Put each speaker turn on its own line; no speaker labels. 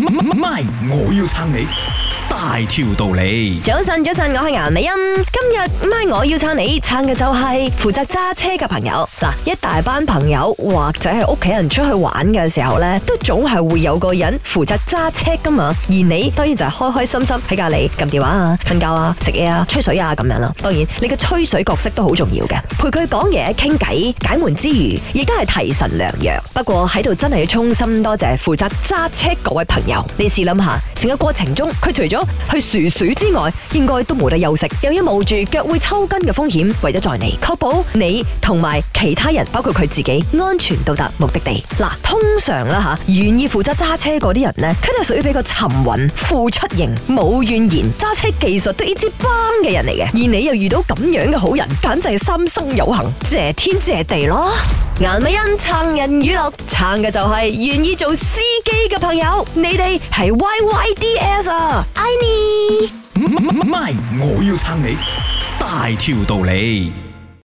MY，我要撐你。大條道理，早晨早晨，我係顏麗欣，今日 MY 我要撐你撐嘅就係負責揸車嘅朋友。嗱，一大班朋友或者係屋企人出去玩嘅時候咧，都總係會有個人負責揸車噶嘛，而你當然就係開開心心喺隔籬撳電話啊、瞓覺啊、食嘢啊、吹水啊咁樣啦。當然你嘅吹水角色都好重要嘅，陪佢講嘢傾偈解悶之餘，亦都係提神良藥。不過喺度真係要衷心多謝負責揸車各位朋友。你試諗下，成個過程中佢除咗去樹樹之外，應該都冇得休息，又要冒住腳會抽筋嘅風險，為咗載你，確保你同埋其他人，包括佢自己，安全到達目的地。嗱、啊，通常啦吓，願、啊、意負責揸車嗰啲人呢，佢就屬於比較沉穩、付出型、冇怨言、揸車技術都一支棒嘅人嚟嘅。而你又遇到咁樣嘅好人，簡直係三生有幸，謝天謝地咯！顏美恩撐人娛樂，撐嘅就係願意做司機嘅朋友。你哋係 Y Y D S 啊，艾尼、嗯，唔、嗯、係、嗯嗯、我要撐你，大條道理。